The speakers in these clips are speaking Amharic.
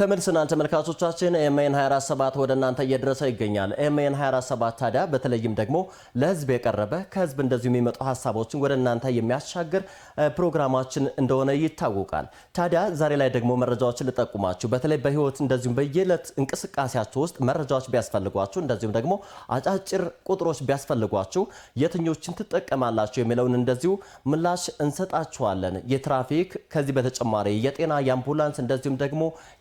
ተመልሰናል ተመልካቾቻችን። ኤምኤን 247 ወደ እናንተ እየደረሰ ይገኛል። ኤምኤን 247 ታዲያ በተለይም ደግሞ ለህዝብ የቀረበ ከህዝብ እንደዚሁ የሚመጡ ሀሳቦችን ወደ እናንተ የሚያሻግር ፕሮግራማችን እንደሆነ ይታወቃል። ታዲያ ዛሬ ላይ ደግሞ መረጃዎችን ልጠቁማችሁ። በተለይ በህይወት እንደዚሁም በየዕለት እንቅስቃሴያችሁ ውስጥ መረጃዎች ቢያስፈልጓችሁ፣ እንደዚሁም ደግሞ አጫጭር ቁጥሮች ቢያስፈልጓችሁ የትኞችን ትጠቀማላችሁ የሚለውን እንደዚሁ ምላሽ እንሰጣችኋለን። የትራፊክ ከዚህ በተጨማሪ የጤና የአምቡላንስ እንደዚሁም ደግሞ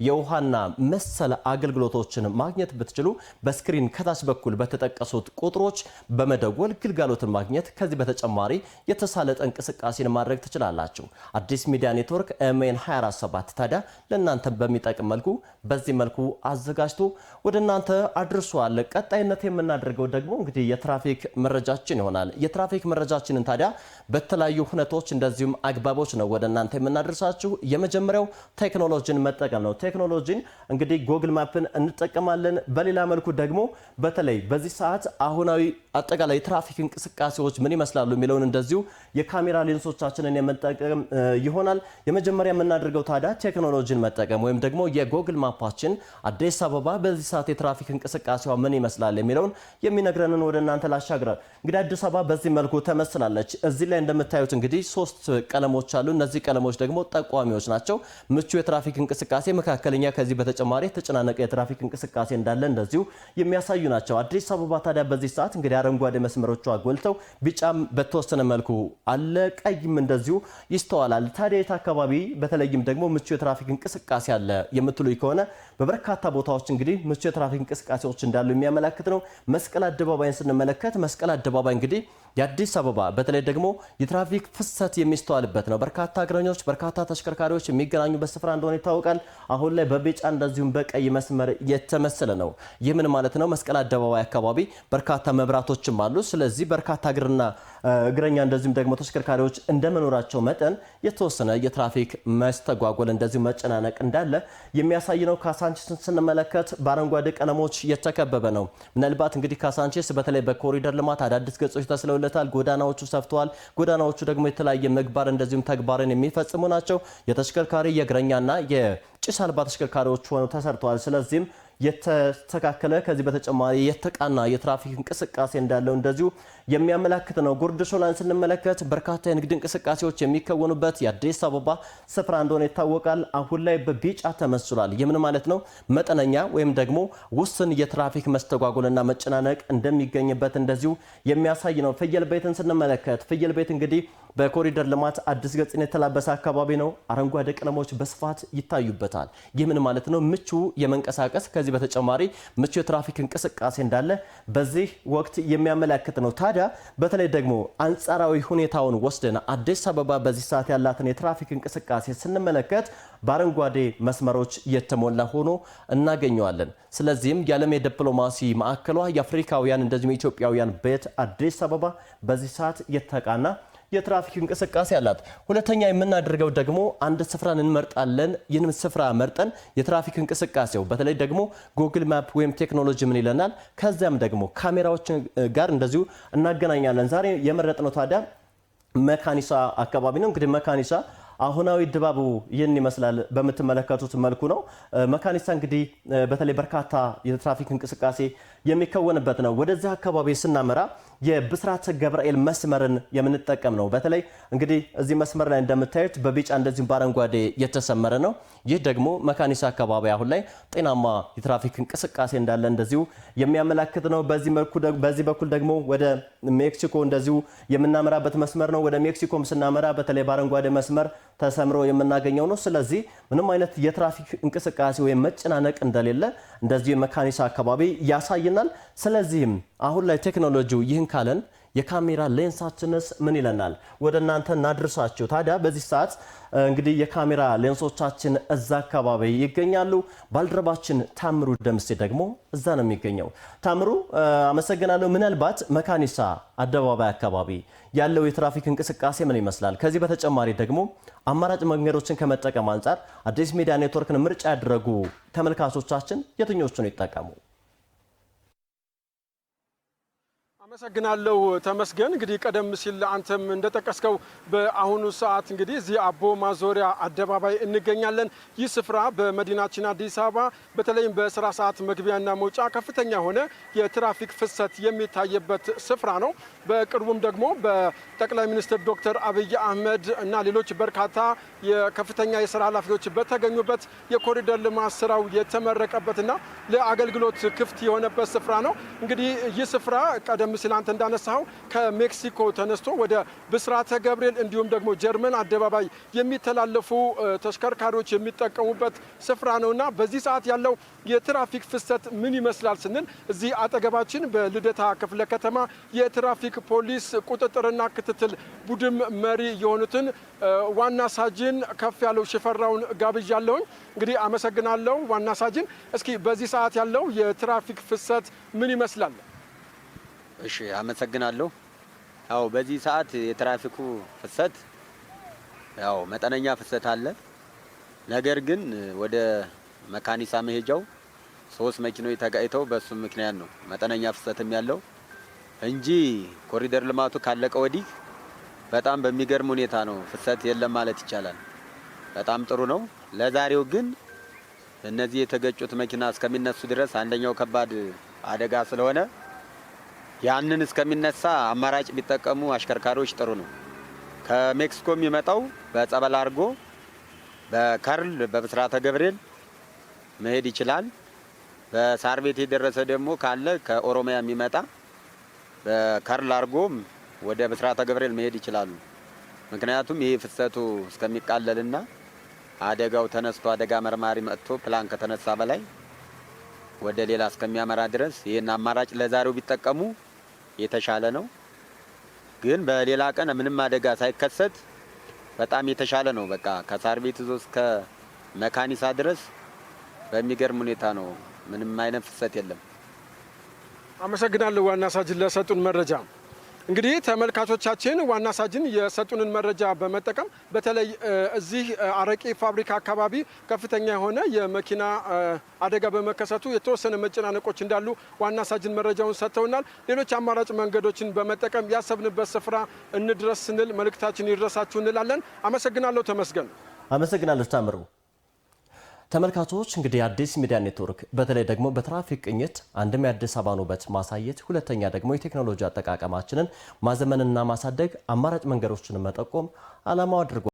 የውሃ የውሃና መሰል አገልግሎቶችን ማግኘት ብትችሉ በስክሪን ከታች በኩል በተጠቀሱት ቁጥሮች በመደወል ግልጋሎትን ማግኘት ከዚህ በተጨማሪ የተሳለጠ እንቅስቃሴን ማድረግ ትችላላችሁ። አዲስ ሚዲያ ኔትወርክ ኤምኤን 247 ታዲያ ለእናንተ በሚጠቅም መልኩ በዚህ መልኩ አዘጋጅቶ ወደ እናንተ አድርሷል። ቀጣይነት የምናደርገው ደግሞ እንግዲህ የትራፊክ መረጃችን ይሆናል። የትራፊክ መረጃችንን ታዲያ በተለያዩ ሁነቶች እንደዚሁም አግባቦች ነው ወደ እናንተ የምናደርሳችሁ። የመጀመሪያው ቴክኖሎጂን መጠቀም ነው። ቴክኖሎጂ ቴክኖሎጂን እንግዲህ ጎግል ማፕን እንጠቀማለን። በሌላ መልኩ ደግሞ በተለይ በዚህ ሰዓት አሁናዊ አጠቃላይ የትራፊክ እንቅስቃሴዎች ምን ይመስላሉ የሚለውን እንደዚሁ የካሜራ ሌንሶቻችንን የምንጠቀም ይሆናል። የመጀመሪያ የምናደርገው ታዲያ ቴክኖሎጂን መጠቀም ወይም ደግሞ የጎግል ማፓችን አዲስ አበባ በዚህ ሰዓት የትራፊክ እንቅስቃሴዋ ምን ይመስላል የሚለውን የሚነግረንን ወደ እናንተ ላሻግረ እንግዲህ አዲስ አበባ በዚህ መልኩ ተመስላለች። እዚህ ላይ እንደምታዩት እንግዲህ ሶስት ቀለሞች አሉ። እነዚህ ቀለሞች ደግሞ ጠቋሚዎች ናቸው። ምቹ የትራፊክ እንቅስቃሴ፣ መካከል አንደኛ ከዚህ በተጨማሪ የተጨናነቀ የትራፊክ እንቅስቃሴ እንዳለ እንደዚሁ የሚያሳዩ ናቸው። አዲስ አበባ ታዲያ በዚህ ሰዓት እንግዲህ አረንጓዴ መስመሮቿ ጎልተው ቢጫም በተወሰነ መልኩ አለ፣ ቀይም እንደዚሁ ይስተዋላል። ታዲያ የት አካባቢ በተለይም ደግሞ ምቹ የትራፊክ እንቅስቃሴ አለ የምትሉ ከሆነ በበርካታ ቦታዎች እንግዲህ ምቹ የትራፊክ እንቅስቃሴዎች እንዳሉ የሚያመላክት ነው። መስቀል አደባባይን ስንመለከት መስቀል አደባባይ እንግዲህ የአዲስ አበባ በተለይ ደግሞ የትራፊክ ፍሰት የሚስተዋልበት ነው። በርካታ እግረኞች፣ በርካታ ተሽከርካሪዎች የሚገናኙበት ስፍራ እንደሆነ ይታወቃል። አሁን ላይ በቢጫ እንደዚሁም በቀይ መስመር የተመሰለ ነው። ይህ ምን ማለት ነው? መስቀል አደባባይ አካባቢ በርካታ መብራቶችም አሉ። ስለዚህ በርካታ እግርና እግረኛ እንደዚሁም ደግሞ ተሽከርካሪዎች እንደመኖራቸው መጠን የተወሰነ የትራፊክ መስተጓጎል እንደዚሁ መጨናነቅ እንዳለ የሚያሳይ ነው። ካሳንቺስን ስንመለከት በአረንጓዴ ቀለሞች የተከበበ ነው። ምናልባት እንግዲህ ካሳንቺስ በተለይ በኮሪደር ልማት አዳዲስ ገጾች ተስለው ተከፍተውለታል። ጎዳናዎቹ ሰፍተዋል። ጎዳናዎቹ ደግሞ የተለያየ ምግባር እንደዚሁም ተግባርን የሚፈጽሙ ናቸው። የተሽከርካሪ የእግረኛና የጭስ አልባ ተሽከርካሪዎች ሆነው ተሰርተዋል። ስለዚህም የተስተካከለ ከዚህ በተጨማሪ የተቃና የትራፊክ እንቅስቃሴ እንዳለው እንደዚሁ የሚያመላክት ነው። ጉርድ ሾላን ስንመለከት በርካታ የንግድ እንቅስቃሴዎች የሚከወኑበት የአዲስ አበባ ስፍራ እንደሆነ ይታወቃል። አሁን ላይ በቢጫ ተመስሏል። የምን ማለት ነው? መጠነኛ ወይም ደግሞ ውስን የትራፊክ መስተጓጎልና መጨናነቅ እንደሚገኝበት እንደዚሁ የሚያሳይ ነው። ፍየል ቤትን ስንመለከት ፍየል ቤት እንግዲህ በኮሪደር ልማት አዲስ ገጽን የተላበሰ አካባቢ ነው። አረንጓዴ ቀለሞች በስፋት ይታዩበታል። ይህ ምን ማለት ነው? ምቹ የመንቀሳቀስ ከዚህ በተጨማሪ ምቹ የትራፊክ እንቅስቃሴ እንዳለ በዚህ ወቅት የሚያመላክት ነው። ታዲያ በተለይ ደግሞ አንጻራዊ ሁኔታውን ወስደን አዲስ አበባ በዚህ ሰዓት ያላትን የትራፊክ እንቅስቃሴ ስንመለከት በአረንጓዴ መስመሮች የተሞላ ሆኖ እናገኘዋለን። ስለዚህም የዓለም የዲፕሎማሲ ማዕከሏ የአፍሪካውያን እንደዚሁም የኢትዮጵያውያን ቤት አዲስ አበባ በዚህ ሰዓት የተቃና የትራፊክ እንቅስቃሴ አላት። ሁለተኛ የምናደርገው ደግሞ አንድ ስፍራን እንመርጣለን። ይህንም ስፍራ መርጠን የትራፊክ እንቅስቃሴው በተለይ ደግሞ ጉግል ማፕ ወይም ቴክኖሎጂ ምን ይለናል፣ ከዚያም ደግሞ ካሜራዎችን ጋር እንደዚሁ እናገናኛለን። ዛሬ የመረጥነው ታዲያ መካኒሳ አካባቢ ነው። እንግዲህ መካኒሳ አሁናዊ ድባቡ ይህን ይመስላል። በምትመለከቱት መልኩ ነው። መካኒሳ እንግዲህ በተለይ በርካታ የትራፊክ እንቅስቃሴ የሚከወንበት ነው። ወደዚህ አካባቢ ስናመራ የብስራተ ገብርኤል መስመርን የምንጠቀም ነው። በተለይ እንግዲህ እዚህ መስመር ላይ እንደምታዩት በቢጫ እንደዚሁም በአረንጓዴ የተሰመረ ነው። ይህ ደግሞ መካኒሳ አካባቢ አሁን ላይ ጤናማ የትራፊክ እንቅስቃሴ እንዳለ እንደዚሁ የሚያመላክት ነው። በዚህ በኩል ደግሞ ወደ ሜክሲኮ እንደዚሁ የምናመራበት መስመር ነው። ወደ ሜክሲኮም ስናመራ በተለይ በአረንጓዴ መስመር ተሰምሮ የምናገኘው ነው። ስለዚህ ምንም አይነት የትራፊክ እንቅስቃሴ ወይም መጨናነቅ እንደሌለ እንደዚህ መካኒሳ አካባቢ ያሳየናል። ስለዚህም አሁን ላይ ቴክኖሎጂው ይህን ካለን የካሜራ ሌንሳችንስ ምን ይለናል? ወደ እናንተ እናድርሳችሁ። ታዲያ በዚህ ሰዓት እንግዲህ የካሜራ ሌንሶቻችን እዛ አካባቢ ይገኛሉ። ባልደረባችን ታምሩ ደምሴ ደግሞ እዛ ነው የሚገኘው። ታምሩ አመሰግናለሁ። ምናልባት መካኒሳ አደባባይ አካባቢ ያለው የትራፊክ እንቅስቃሴ ምን ይመስላል? ከዚህ በተጨማሪ ደግሞ አማራጭ መንገዶችን ከመጠቀም አንጻር አዲስ ሚዲያ ኔትወርክን ምርጫ ያደረጉ ተመልካቾቻችን የትኞቹን ይጠቀሙ? አመሰግናለሁ ተመስገን። እንግዲህ ቀደም ሲል አንተም እንደጠቀስከው በአሁኑ ሰዓት እንግዲህ እዚህ አቦ ማዞሪያ አደባባይ እንገኛለን። ይህ ስፍራ በመዲናችን አዲስ አበባ በተለይም በስራ ሰዓት መግቢያና መውጫ ከፍተኛ የሆነ የትራፊክ ፍሰት የሚታይበት ስፍራ ነው። በቅርቡም ደግሞ በጠቅላይ ሚኒስትር ዶክተር አብይ አህመድ እና ሌሎች በርካታ የከፍተኛ የስራ ኃላፊዎች በተገኙበት የኮሪደር ልማት ስራው የተመረቀበትና ለአገልግሎት ክፍት የሆነበት ስፍራ ነው። እንግዲህ ይህ ስፍራ ቀደም ሲላንት እንዳነሳው ከሜክሲኮ ተነስቶ ወደ ብስራተ ገብርኤል እንዲሁም ደግሞ ጀርመን አደባባይ የሚተላለፉ ተሽከርካሪዎች የሚጠቀሙበት ስፍራ ነውና በዚህ ሰዓት ያለው የትራፊክ ፍሰት ምን ይመስላል ስንል እዚህ አጠገባችን በልደታ ክፍለ ከተማ የትራፊክ ፖሊስ ቁጥጥርና ክትትል ቡድን መሪ የሆኑትን ዋና ሳጅን ከፍ ያለው ሽፈራውን ጋብዣለሁኝ። እንግዲህ አመሰግናለሁ ዋና ሳጅን። እስኪ በዚህ ሰዓት ያለው የትራፊክ ፍሰት ምን ይመስላል? እሺ አመሰግናለሁ። ያው በዚህ ሰዓት የትራፊኩ ፍሰት ያው መጠነኛ ፍሰት አለ። ነገር ግን ወደ መካኒሳ መሄጃው ሶስት መኪኖች ተጋጭተው በሱ ምክንያት ነው መጠነኛ ፍሰትም ያለው እንጂ ኮሪደር ልማቱ ካለቀ ወዲህ በጣም በሚገርም ሁኔታ ነው ፍሰት የለም ማለት ይቻላል። በጣም ጥሩ ነው። ለዛሬው ግን እነዚህ የተገጩት መኪና እስከሚነሱ ድረስ አንደኛው ከባድ አደጋ ስለሆነ ያንን እስከሚነሳ አማራጭ ቢጠቀሙ አሽከርካሪዎች ጥሩ ነው። ከሜክሲኮ የሚመጣው በጸበል አድርጎ በከርል በብስራተ ገብርኤል መሄድ ይችላል። በሳር ቤት የደረሰ ደግሞ ካለ ከኦሮሚያ የሚመጣ በከርል አድርጎም ወደ ብስራተ ገብርኤል መሄድ ይችላሉ። ምክንያቱም ይህ ፍሰቱ እስከሚቃለልና አደጋው ተነስቶ አደጋ መርማሪ መጥቶ ፕላን ከተነሳ በላይ ወደ ሌላ እስከሚያመራ ድረስ ይህን አማራጭ ለዛሬው ቢጠቀሙ የተሻለ ነው። ግን በሌላ ቀን ምንም አደጋ ሳይከሰት በጣም የተሻለ ነው። በቃ ከሳር ቤት ዞ እስከ መካኒሳ ድረስ በሚገርም ሁኔታ ነው። ምንም አይነት ፍሰት የለም። አመሰግናለሁ ዋና ሳጅን ለሰጡን መረጃ። እንግዲህ ተመልካቾቻችን ዋና ሳጅን የሰጡንን መረጃ በመጠቀም በተለይ እዚህ አረቄ ፋብሪካ አካባቢ ከፍተኛ የሆነ የመኪና አደጋ በመከሰቱ የተወሰነ መጨናነቆች እንዳሉ ዋና ሳጅን መረጃውን ሰጥተውናል። ሌሎች አማራጭ መንገዶችን በመጠቀም ያሰብንበት ስፍራ እንድረስ ስንል መልእክታችን ይድረሳችሁ እንላለን። አመሰግናለሁ። ተመስገን አመሰግናለሁ ታምሩ። ተመልካቾች እንግዲህ አዲስ ሚዲያ ኔትወርክ በተለይ ደግሞ በትራፊክ ቅኝት አንድም የአዲስ አበባን ውበት ማሳየት፣ ሁለተኛ ደግሞ የቴክኖሎጂ አጠቃቀማችንን ማዘመንና ማሳደግ፣ አማራጭ መንገዶችን መጠቆም ዓላማው አድርጓል።